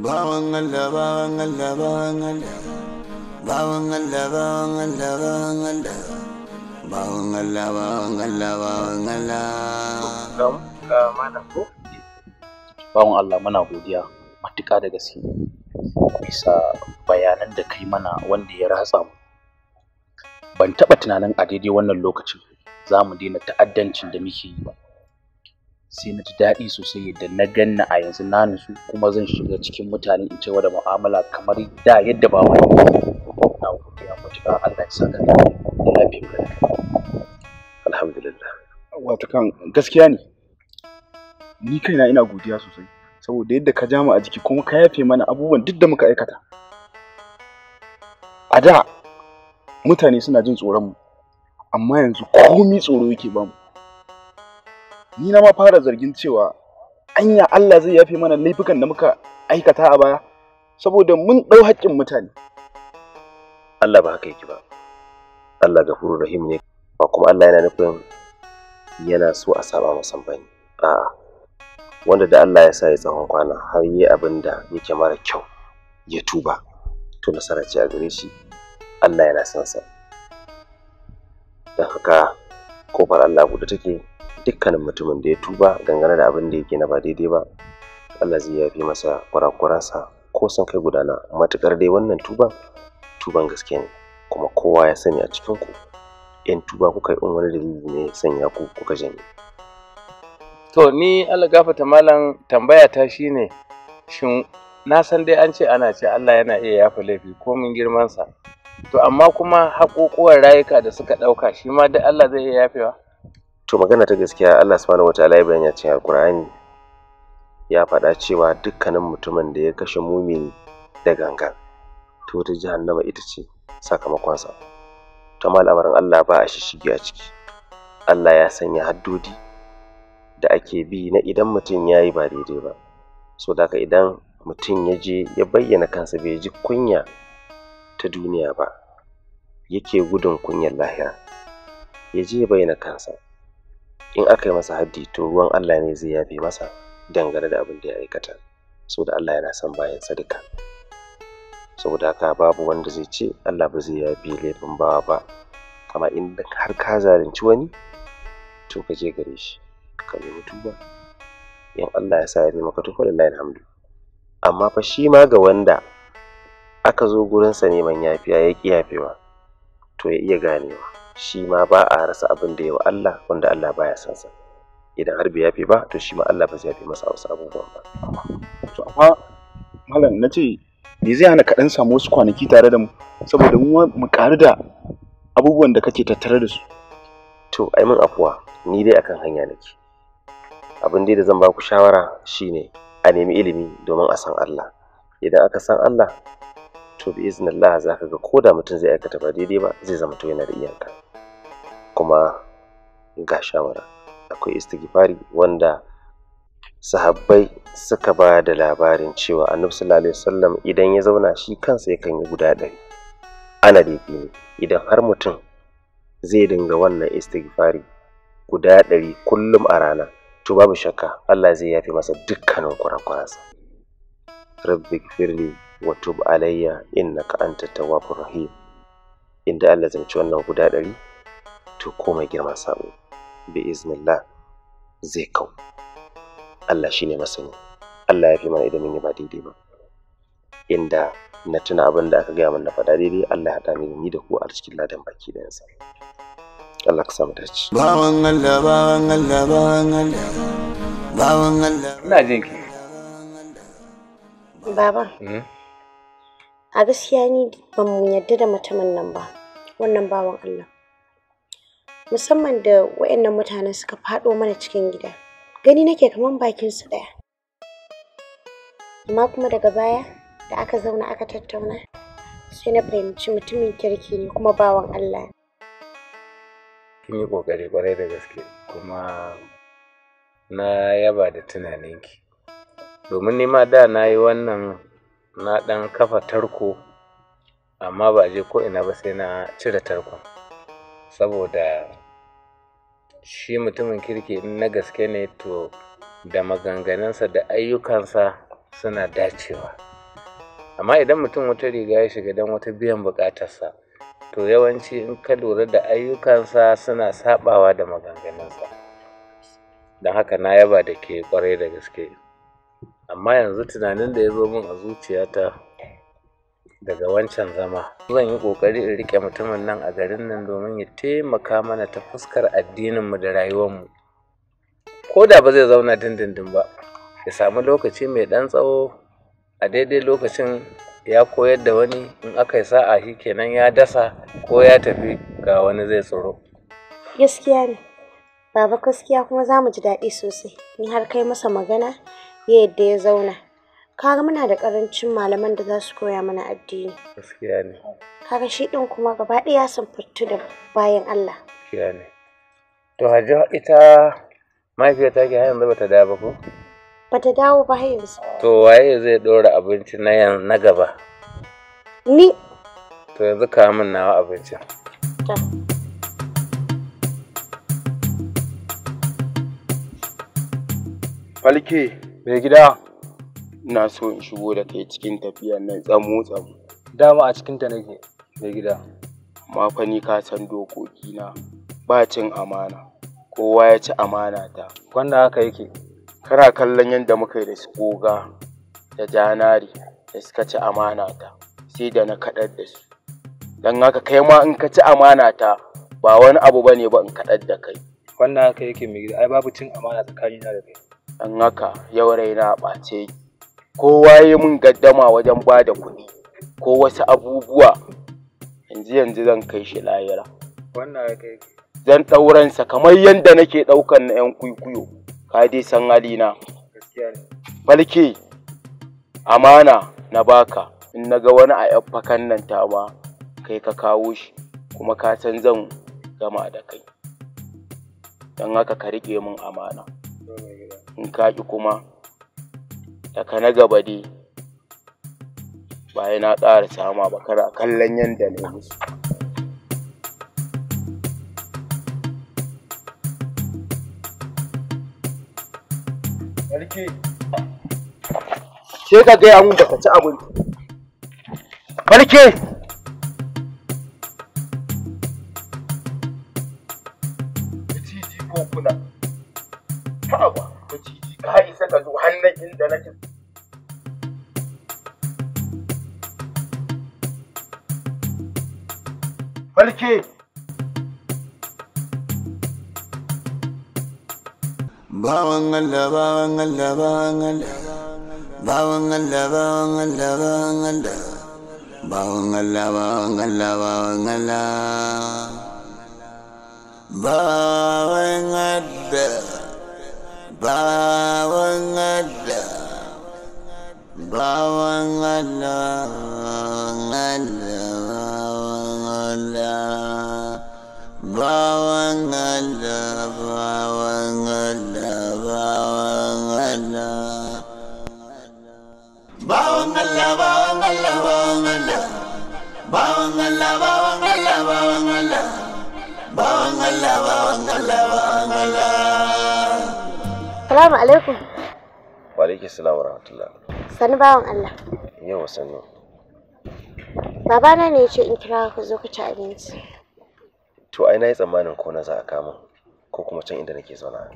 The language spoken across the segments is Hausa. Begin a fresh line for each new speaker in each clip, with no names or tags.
Bawan Allah, bawan Allah, Allah. Allah, Allah, Allah.
Bawan muna godiya matuƙa da gaske bisa bayanan da kai mana wanda ya ratsa mu. Ban taɓa tunanin a daidai wannan lokacin za mu daina ta'addancin da muke yi ba. sai na ji daɗi sosai yadda na ganna a yanzu na nutsu kuma zan shiga cikin mutane in cewa da mu'amala kamar da yadda ba wani na godiya matuƙa Allah ya saka da lafiyar ka alhamdulillah wato kan gaskiya ne ni kaina
ina godiya sosai saboda yadda ka ja a jiki kuma ka yafe mana abubuwan duk da muka aikata a da mutane suna jin tsoron mu amma yanzu komi tsoro yake bamu ni na ma fara zargin cewa anya Allah zai yafe mana laifukan da muka aikata a baya saboda mun ɗau haƙƙin
mutane Allah ba haka yake ba Allah gafuru rahim ne ba kuma Allah yana nufin yana so a saba masa bane a'a wanda da Allah ya sa ya tsawon kwana har yi abin da yake mara kyau ya tuba to nasara ce a gare shi Allah yana son sa don haka kofar Allah buɗe take dukkanin mutumin da ya tuba dangane da abin da yake na ba daidai ba Allah zai yafi masa kurakuransa ko san kai gudana matukar dai wannan tuba, tuban gaske ne kuma kowa ya sani a cikin ku yan tuba kuka yi in wani dalili ne sanya ku kuka janye
to ni Allah gafata malam tambaya ta shine shin na san dai an ce ana ce Allah yana iya yafa laifi ko mun girman sa to amma kuma haƙoƙuwar rayuka da suka ɗauka shi ma dai Allah zai iya yafewa
to magana ta gaskiya Allah subhanahu wataala ya bayyana cikin alkur'ani ya faɗa cewa dukkanin mutumin da ya kashe mumini da gangan to ta jahannama ita ce sakamakonsa ta al'amarin Allah ba a shishigi a ciki Allah ya sanya haddodi da ake bi na idan mutum ya yi ba daidai ba so da idan mutum ya je ya bayyana kansa bai ji kunya ta duniya ba yake gudun kunyar lahira ya je ya bayyana kansa in aka yi masa haddi to ruwan Allah ne zai yafe masa dangane da abin da ya aikata da Allah yana son bayan sadaka saboda haka babu wanda zai ce Allah ba zai yafe laifin bawa ba amma in har ka zalunci wani to ka je gare shi ka nemi tuba in Allah ya sa ya maka to lillahi alhamdu amma fa shi ma ga wanda aka zo gurinsa neman yafiya ya ƙi yafewa to ya iya ganewa shi ma ba a rasa abin da yawa Allah wanda Allah baya son sa idan har bai yafe ba to shi ma Allah ba zai yafe masa wasu abubuwan ba to amma malam na ce me zai hana kaɗan samu wasu kwanaki tare da mu saboda mu mu ƙaru da abubuwan da kake tattare da su to ai min afuwa ni dai akan hanya nake abin dai da zan ba ku shawara shine a nemi ilimi domin a san Allah idan aka san Allah to bi iznillah za ga ko da mutum zai aikata ba daidai ba zai zama to yana da iyaka kuma ga shawara akwai istighfari wanda sahabbai suka ba da labarin cewa annabi sallallahu alaihi wasallam idan ya zauna shi kansa yakan yi guda ɗari ana daidai ne idan har mutum zai dinga wannan istighfari guda ɗari kullum a rana to babu shakka Allah zai yafe masa dukkanin kurakurasa rabbi firli wa tub alayya innaka anta tawwabur rahim inda Allah zai ci wannan guda ɗari to komai girman sabo bi iznillah zai kau Allah shine masani Allah ya fi mana idan mun yi ba daidai ba inda na tuna abin da aka gaya min da faɗa daidai Allah ya hada ni da ku a cikin ladan baki da yansa Allah ka
samu dace bawan Allah bawan Allah bawan Allah bawan Allah ina jin ki baba hmm?
a gaskiya ni ban mu yadda da mutumin nan ba wannan bawan Allah musamman da waɗannan mutanen suka faɗo mana cikin gida gani nake kaman bakin su ɗaya amma kuma daga baya da aka zauna aka tattauna sai na fahimci mutumin kirki ne kuma bawan Allah
ne kin yi ƙoƙari ƙwarai da gaske kuma na yaba da tunaninki domin ni ma da na yi wannan na ɗan kafa tarko amma ba je ko ina ba sai na cire tarkon saboda shi mutumin kirki na gaske ne to da maganganunsa da ayyukansa suna dacewa amma idan mutum wata riga ya shiga don wata biyan bukatarsa to yawanci in ka lura da ayyukansa suna sabawa da maganganunsa don haka na yaba da ke kwarai da gaske amma yanzu tunanin da ya zo min a zuciyata daga wancan zama zan yi ƙoƙari in rike mutumin nan a garin nan domin ya taimaka mana ta fuskar addininmu da rayuwarmu ko da ba zai zauna dindindin ba ya samu lokaci mai ɗan tsawo a daidai lokacin ya koyar da wani in aka yi sa'a shi kenan ya dasa ko ya tafi ga wani zai tsoro
gaskiya ne baba gaskiya kuma za mu ji daɗi sosai in har kai masa magana ya yadda ya zauna kaga muna da karancin malaman da za su koya mana addini gaskiya ne kaga shi din kuma gaba ɗaya sun fitu da bayan Allah
gaskiya ne to hajja ita mahaifiyar ta ke har yanzu bata dawo ba ko
bata dawo ba har yanzu
to waye zai dora abinci na yan na gaba ni to yanzu ka min nawa abincin Falke,
mai gida, ina so in shigo da kai cikin tafiya nan tsamo tsamo dama a cikinta nake mai gida ma fa ni ka san dokokina ba cin amana kowa ya ci amana ta wanda haka yake kana kallon yadda muka yi da su koga da janari da suka ci amana ta sai da na kaɗar da su don haka kai ma in ka ci amana ta ba wani abu ba ne ba in kaɗar da kai
wannan haka yake mai gida ai babu cin amana tsakanina da kai
don haka yau raina ɓace kowa ya mun gaddama wajen ba da kuɗi ko wasu abubuwa yanzu yanzu zan kai shi layira zan ɗauransa kamar yadda nake ɗaukan na 'yan kwikwiyo ka dai san halina falke amana na baka in na ga wani a 'yan fakan nan ta ma kai ka kawo shi kuma ka san zan gama da kai don haka ka riƙe min amana in ka ƙi kuma daga na gaba dai bayan na ƙara sama ba a kallon yadda na yi Sarki, sai ka gaya mun baka ci abinci. Farke! വലിക്കേ
ഭാവങ്ങല്ല ഭാവങ്ങല്ല ഭാവങ്ങല്ല ഭാവങ്ങല്ല ഭാവങ്ങല്ല ഭാവങ്ങല്ല ഭാവങ്ങല്ല ഭാവങ്ങല്ല ഭാവങ്ങല്ല ഭാവങ്ങല്ല ഭാവങ്ങല്ല ഭാവങ്ങല്ല ഭാവങ്ങല്ല Allah bawan
Wa alaikum
salam wa rahmatullah.
Sani bawan Allah. Yau sani. babana ne ya ce in kira ku zo ku ci abinci
to ai na yi tsammanin ko na za a kama ko kuma can inda nake zauna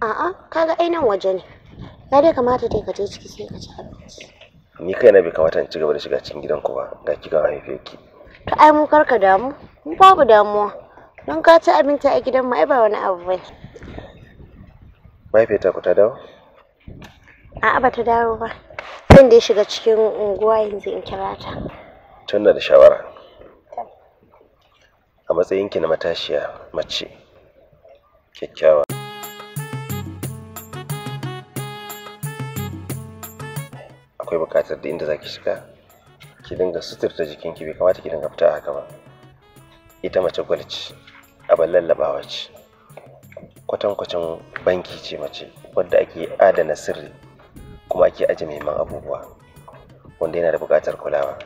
a'a kaga ai nan waje ne ya dai kamata dai ka je ciki sai ka ci abinci
ni kai na bai kamata in ci gaba da shiga cikin gidan ku ba ga kika ga haife ki
to ai mu karka damu mu babu damuwa don ka ci abinci a gidan mu ai ba wani abu bane
mahaifiyarta ku ta dawo
a'a ba ta dawo ba zan dai shiga cikin unguwa yanzu in kira ta
Tunda da shawara a matsayinki na matashiya mace kyakkyawa akwai bukatar da inda za ki shiga ki dinga suturta jikinki bai kamata ki dinga fita a haka ba ita mace gwalci abin lallabawa ce kwatankwacin banki ce mace wadda ake adana sirri kuma ake ajiye muhimman abubuwa wanda yana da buƙatar kulawa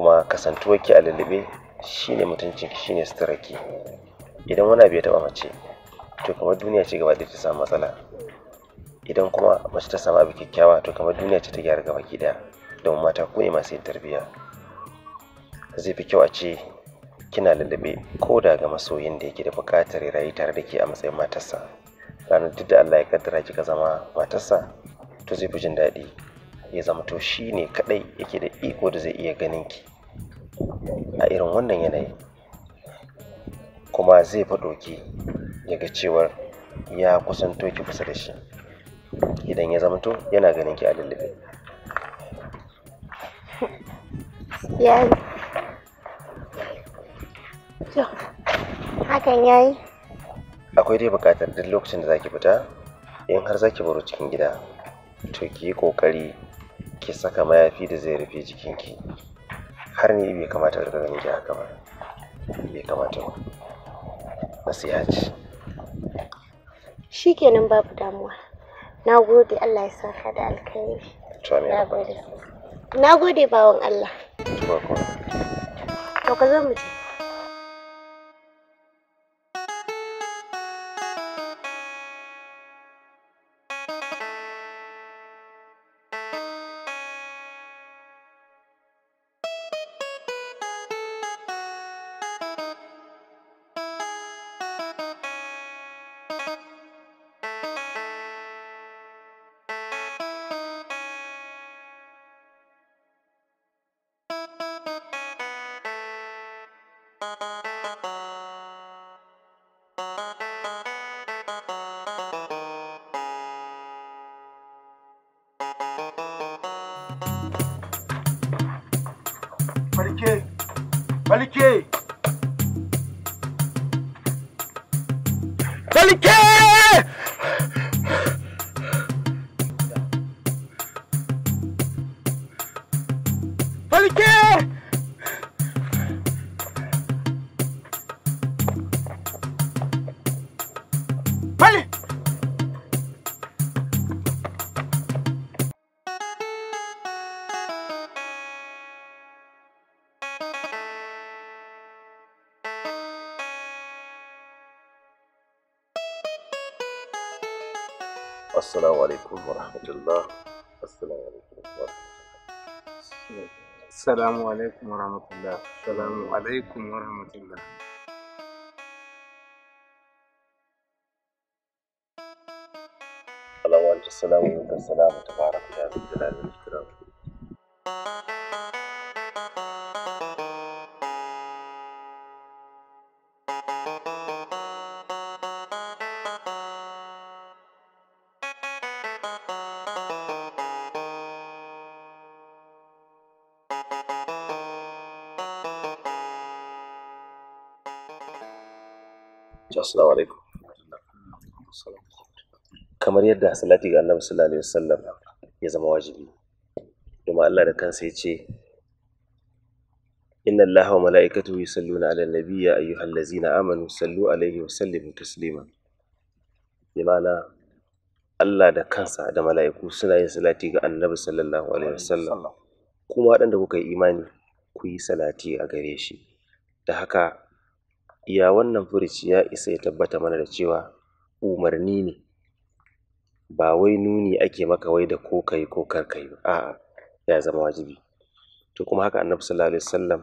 kuma kasantuwarki a lullube shine ki shine suturarki idan wani abu ya taba mace to kamar duniya ce gaba ta samu matsala idan kuma mace ta samu abu kyakkyawa to kamar duniya ce ta gyara gaba gida don mata ku ne masu yin tarbiyya zai fi kyau a ce kina lullube ko da ga masoyin da yake da buƙatar rayu tare da ke a matsayin matarsa ranar duk da Allah ya kaddara kika zama matarsa to zai fi jin daɗi ya zama to shi ne kaɗai yake da iko da zai iya ganin ki a irin wannan yanayi kuma zai fadoki ya ga cewar ya kusanto ki kusa da shi idan ya zamanto yana ganin ki a lullube
yayi to hakan yayi
akwai dai bukatar duk lokacin da zaki fita in har zaki baro cikin gida to ki yi ƙoƙari ki saka mayafi da zai rufe jikinki har ni bai kamata ka ganin ji haka ba bai kamata ba nasiha Shi
shikenan babu damuwa na gode Allah ya saka da alkhairi na gode na gode bawon Allah to ka zo mu ci
Maliquei! Maliquei! Maliquei!
السلام عليكم ورحمة الله السلام عليكم ورحمة
الله السلام عليكم
ورحمة الله السلام عليكم ورحمة الله السلام عليكم السلام عليكم تبارك يا ذي الجلال والإكرام assalamu alaikum kamar yadda salati ga annabi sallallahu alaihi wasallam ya zama wajibi kuma Allah da kansa ya ce inna allaha wa malaikatu yusalluna 'alan nabiyyi ayyuhallazina amanu sallu alaihi wa sallimu taslima bi ma'ana Allah da kansa da mala'iku suna yin salati ga annabi sallallahu alaihi wasallam kuma waɗanda kuka yi imani ku yi salati a gare shi da haka iya wannan furici ya isa ya tabbata mana da cewa umarni ne ba wai nuni ake maka wai da ko kai ko kar kai ba a'a ya zama wajibi to kuma haka annabi sallallahu alaihi wasallam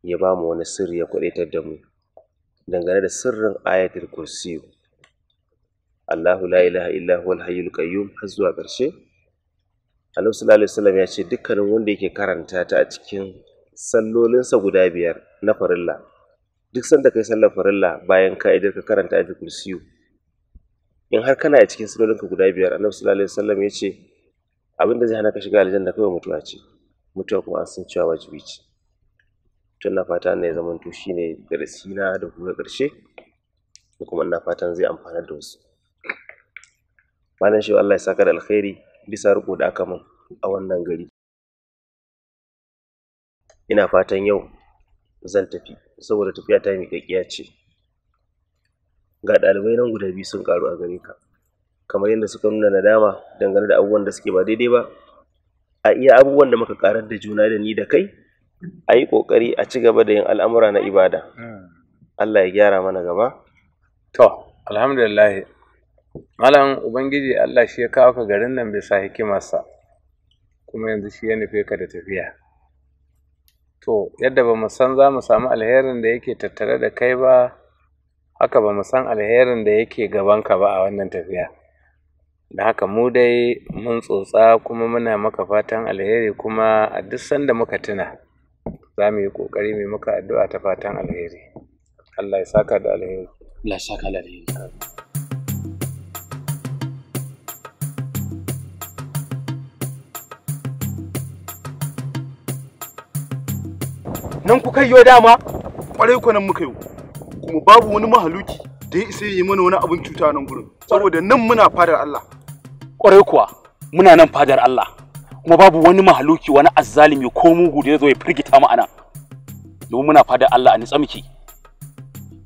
ya bamu wani sirri ya kwadaitar da mu dangane da sirrin ayatul kursi Allahu la ilaha illa huwal hayyul qayyum har zuwa ƙarshe Annabi sallallahu alaihi wasallam ya ce dukkanin wanda yake karanta ta a cikin sallolinsa guda biyar na farilla duk sanda kai sallar farilla bayan ka'idar ka karanta ayatul kursiyu in har kana a cikin salolinka guda biyar annabi sallallahu alaihi wasallam ya ce abin da zai hana ka shiga aljanna kawai mutuwa ce mutuwa kuma an san cewa wajibi ce to ina fata ne ya zamanto shine darasi na da kuma karshe kuma ina fatan zai amfana da wasu malam shi Allah ya saka da alkhairi bisa riko da aka min a wannan gari ina fatan yau zan tafi saboda tafiya ta miƙaƙƙiya ce ga ɗalibai nan guda biyu sun ƙaru a gare ka kamar yadda suka nuna nadama dangane da abubuwan da suke ba daidai ba a iya abubuwan da muka karar da juna da ni da kai
a yi ƙoƙari a ci gaba da yin al'amura na ibada hmm. Allah ya gyara mana gaba to alhamdulillah malam ubangiji Allah shi ya kawo ka garin nan bisa hikimarsa kuma yanzu shi ya nufe ka da tafiya to yadda ba mu san za mu samu alherin da yake tattare da kai ba haka ba mu san alherin da yake gabanka ba a wannan tafiya da haka mu dai mun tsotsa kuma muna maka fatan alheri kuma a duk sanda muka tuna za mu yi ƙoƙari mai maka addu'a ta fatan alheri Allah ya saka da alheri
Allah ya saka da alheri
nan ku kai yo dama kwarai ku nan muka yi kuma babu wani mahaluki da ya isa yi mana wani abin cuta nan gurin saboda nan muna fadar Allah kwarai kuwa muna nan fadar Allah kuma babu wani mahaluki wani azzalimi ko mugu da ya zo ya firgita mu anan domin muna fadar Allah a nitsa miki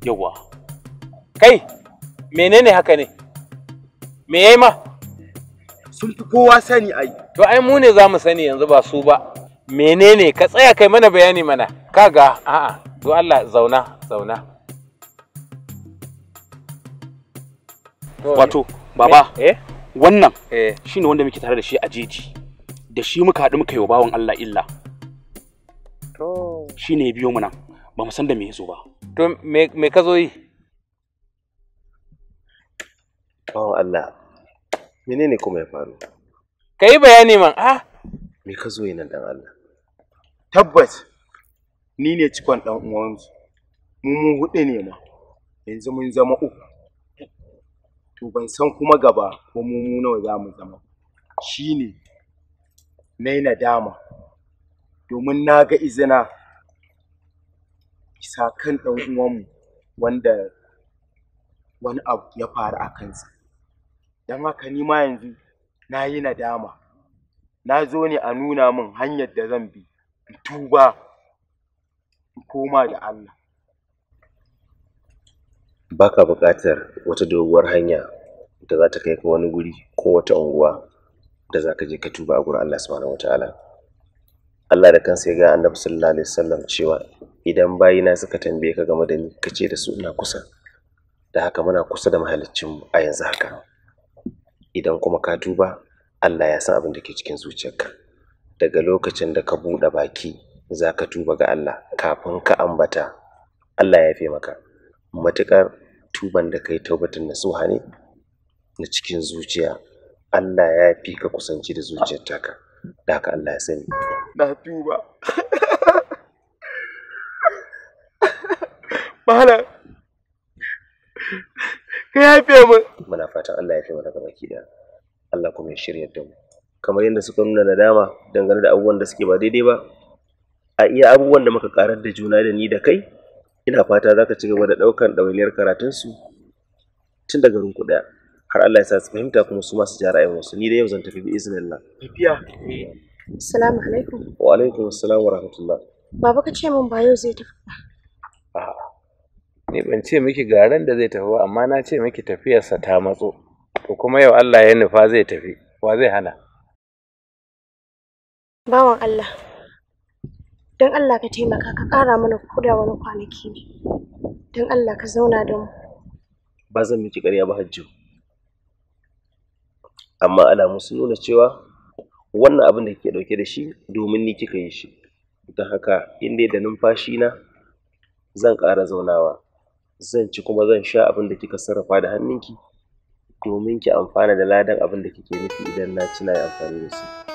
yawa
kai menene haka ne me yayi ma sun fi kowa sani ai to ai mu ne za mu sani yanzu ba su ba menene ka tsaya kai mana bayani mana kaga a'a do Allah zauna zauna wato baba eh wannan eh
shine wanda muke tare da shi a jeji da shi muka haɗu muka yi wa bawan Allah illa to shine biyo mu nan ba mu san da me yazo ba to me me ka zo yi
bawan Allah menene kuma ya faru
kai bayani man ah
me ka zo yi nan dan Allah
tabbas ni ne cikon ɗan uwansu mu mun huɗu ne ma yanzu mun zama uku to ban san kuma gaba ko mu mu nawa za mu zama shi ne na yi nadama domin na ga izina isa kan ɗan uwanmu wanda wani abu ya faru a kansa Dan haka ni ma yanzu na yi nadama na zo ne a nuna min hanyar da zan bi in tuba koma da Allah
baka buƙatar wata doguwar hanya da za ta kai ka wani guri ko wata unguwa da za ka je ka tuba a gurin Allah subhanahu wataala Allah da kansa ya ga Annabi sallallahu alaihi wasallam cewa idan bayina suka tambaye ka game da ni ka ce da su ina kusa da haka muna kusa da mahaliccinmu a yanzu haka idan kuma ka tuba Allah ya san abin da ke cikin zuciyarka daga lokacin da ka buɗe baki za ka tuba ga Allah kafin ka ambata Allah ya fi maka matuƙar tuban da ka taubatar na nasuha ne na cikin zuciya Allah ya fi ka kusanci da zuciyar taka da haka Allah ya sani
na tuba
mahala ka fi mu muna fatan Allah ya fi mana gaba ki da Allah kuma ya shirya da mu kamar yadda suka nuna nadama dangane da abubuwan da suke ba daidai ba a iya abubuwan da muka karar da juna da ni da kai ina fata za ka ci gaba da ɗaukar ɗawainiyar karatunsu tun daga rinku ɗaya har Allah ya sa su fahimta kuma su masu ja ra'ayinsu ni da yau zan tafi bi iznillah
tafiya assalamu alaikum
wa alaikum assalam wa rahmatullah
baba ka ce min ba yau zai tafi
ba ni ban ce miki garan da zai tafi ba amma na ce miki tafiyarsa ta matso to kuma yau Allah ya nufa zai tafi wa zai hana
bawan Allah don Allah ka taimaka ka ƙara mana da wani kwanaki ne don Allah ka zauna da mu
ba zan miki ƙarya ba hajjo amma alamu sun nuna cewa wannan abin da kike ɗauke da shi domin ni kika yi shi don haka in dai da numfashi na zan ƙara zaunawa zan ci kuma zan sha abin da kika sarrafa da hannunki domin ki amfana da ladan abin da kike nufi idan na ci na amfani da su.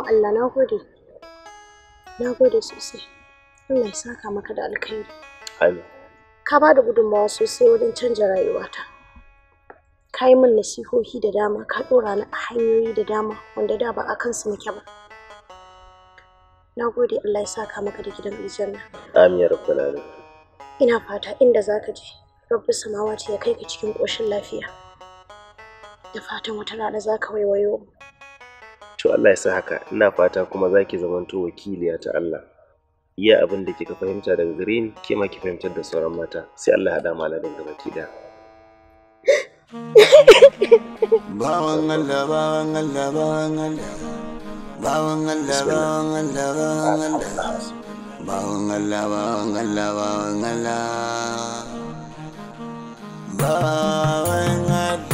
Ikon Allah na gode. Na gode sosai. Allah ya saka maka da alkhairi. Amin. Ka ba da gudunmawa sosai wajen canja rayuwata. Ka yi min nasihohi da dama, ka dora ni a hanyoyi da dama wanda da ba a kansu muke ba. Na gode Allah ya saka maka da gidan aljanna. Amin ya Ina fata inda zaka je, Rabbi ce ya kai ka cikin koshin lafiya. Da fatan wata rana zaka waiwayo mu.
to Allah ya sa haka ina fata kuma za ki zamanto wakiliya ta Allah iya abin da kika fahimta daga gare ni ke ma ki fahimtar da sauran mata sai Allah ya hada mu alaɗin gaba ki da
bawan Allah bawan Allah bawan Allah bawan Allah bawan Allah bawan Allah bawan Allah bawan Allah bawan Allah bawan Allah